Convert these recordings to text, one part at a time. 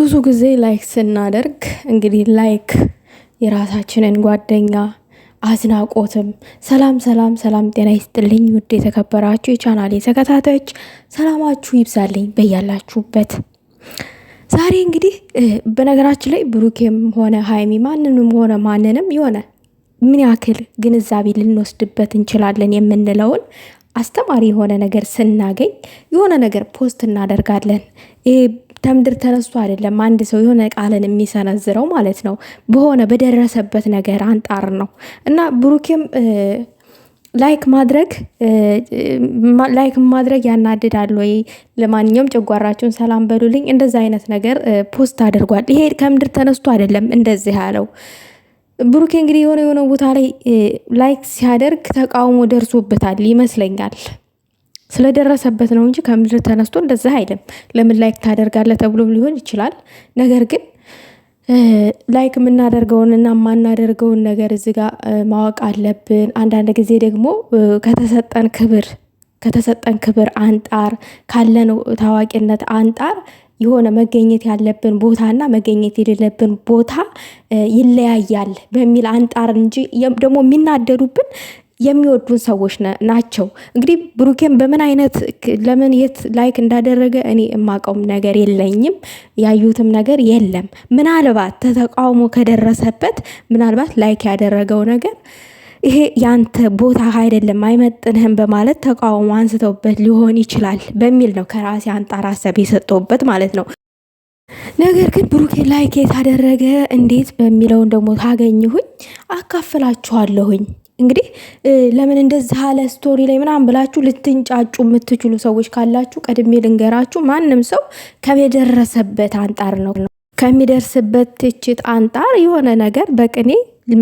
ብዙ ጊዜ ላይክ ስናደርግ እንግዲህ ላይክ የራሳችንን ጓደኛ አዝናቆትም ሰላም ሰላም ሰላም፣ ጤና ይስጥልኝ ውድ የተከበራችሁ የቻናሌ ተከታታዮች ሰላማችሁ ይብዛልኝ በያላችሁበት። ዛሬ እንግዲህ በነገራችን ላይ ብሩኬም ሆነ ሀይሚ ማንንም ሆነ ማንንም የሆነ ምን ያክል ግንዛቤ ልንወስድበት እንችላለን የምንለውን አስተማሪ የሆነ ነገር ስናገኝ የሆነ ነገር ፖስት እናደርጋለን። ተምድር ተነስቶ አይደለም አንድ ሰው የሆነ ቃልን የሚሰነዝረው ማለት ነው። በሆነ በደረሰበት ነገር አንጣር ነው እና ብሩኬም ላይክ ማድረግ ላይክ ማድረግ ያናድዳል ወይ? ለማንኛውም ጨጓራችሁን ሰላም በሉልኝ። እንደዚ አይነት ነገር ፖስት አድርጓል። ይሄ ከምድር ተነስቶ አይደለም እንደዚህ ያለው ብሩኬ እንግዲህ የሆነ የሆነ ቦታ ላይ ላይክ ሲያደርግ ተቃውሞ ደርሶበታል ይመስለኛል። ስለደረሰበት ነው እንጂ ከምድር ተነስቶ እንደዛ አይልም። ለምን ላይክ ታደርጋለህ ተብሎም ሊሆን ይችላል። ነገር ግን ላይክ የምናደርገውን እና የማናደርገውን ነገር እዚ ጋ ማወቅ አለብን። አንዳንድ ጊዜ ደግሞ ከተሰጠን ክብር ከተሰጠን ክብር አንጣር ካለን ታዋቂነት አንጣር የሆነ መገኘት ያለብን ቦታና መገኘት የሌለብን ቦታ ይለያያል በሚል አንጣር እንጂ ደግሞ የሚናደዱብን የሚወዱን ሰዎች ናቸው። እንግዲህ ብሩኬን በምን አይነት ለምን የት ላይክ እንዳደረገ እኔ የማውቀውም ነገር የለኝም፣ ያዩትም ነገር የለም። ምናልባት ተተቃውሞ ከደረሰበት ምናልባት ላይክ ያደረገው ነገር ይሄ ያንተ ቦታ አይደለም አይመጥንህም በማለት ተቃውሞ አንስተውበት ሊሆን ይችላል በሚል ነው ከራሴ አንጣር ሀሳብ የሰጠውበት ማለት ነው። ነገር ግን ብሩኬ ላይክ የታደረገ እንዴት በሚለውን ደግሞ ታገኘሁኝ አካፍላችኋለሁኝ። እንግዲህ ለምን እንደዚህ አለ ስቶሪ ላይ ምናምን ብላችሁ ልትንጫጩ የምትችሉ ሰዎች ካላችሁ ቀድሜ ልንገራችሁ፣ ማንም ሰው ከሚደረሰበት አንጣር ነው ከሚደርስበት ትችት አንጣር የሆነ ነገር በቅኔ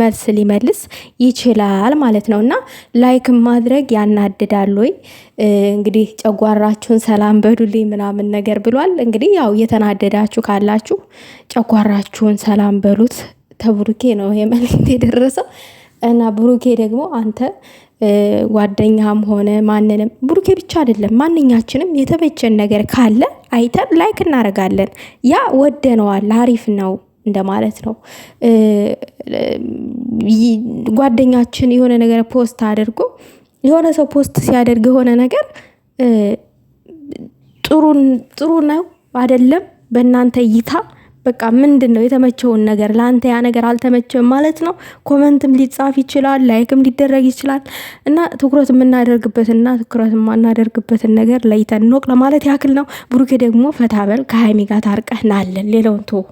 መልስ ሊመልስ ይችላል ማለት ነው። እና ላይክ ማድረግ ያናድዳል ወይ እንግዲህ ጨጓራችሁን ሰላም በሉልኝ ምናምን ነገር ብሏል። እንግዲህ ያው እየተናደዳችሁ ካላችሁ ጨጓራችሁን ሰላም በሉት ተብሩኬ ነው የመልእክት የደረሰው። እና ብሩኬ ደግሞ አንተ ጓደኛም ሆነ ማንንም ብሩኬ ብቻ አይደለም ማንኛችንም የተበጀን ነገር ካለ አይተን ላይክ እናደርጋለን። ያ ወደነዋል፣ አሪፍ ነው እንደማለት ነው። ጓደኛችን የሆነ ነገር ፖስት አድርጎ የሆነ ሰው ፖስት ሲያደርግ የሆነ ነገር ጥሩ ነው አይደለም በእናንተ እይታ በቃ ምንድን ነው የተመቸውን ነገር ለአንተ ያ ነገር አልተመቸም ማለት ነው። ኮመንትም ሊጻፍ ይችላል፣ ላይክም ሊደረግ ይችላል። እና ትኩረት የምናደርግበትና ትኩረት የማናደርግበትን ነገር ለይተን እንወቅ ለማለት ያክል ነው። ብሩኬ ደግሞ ፈታበል ከሀይሚ ጋር ታርቀህ ናለን ሌለውን ቶ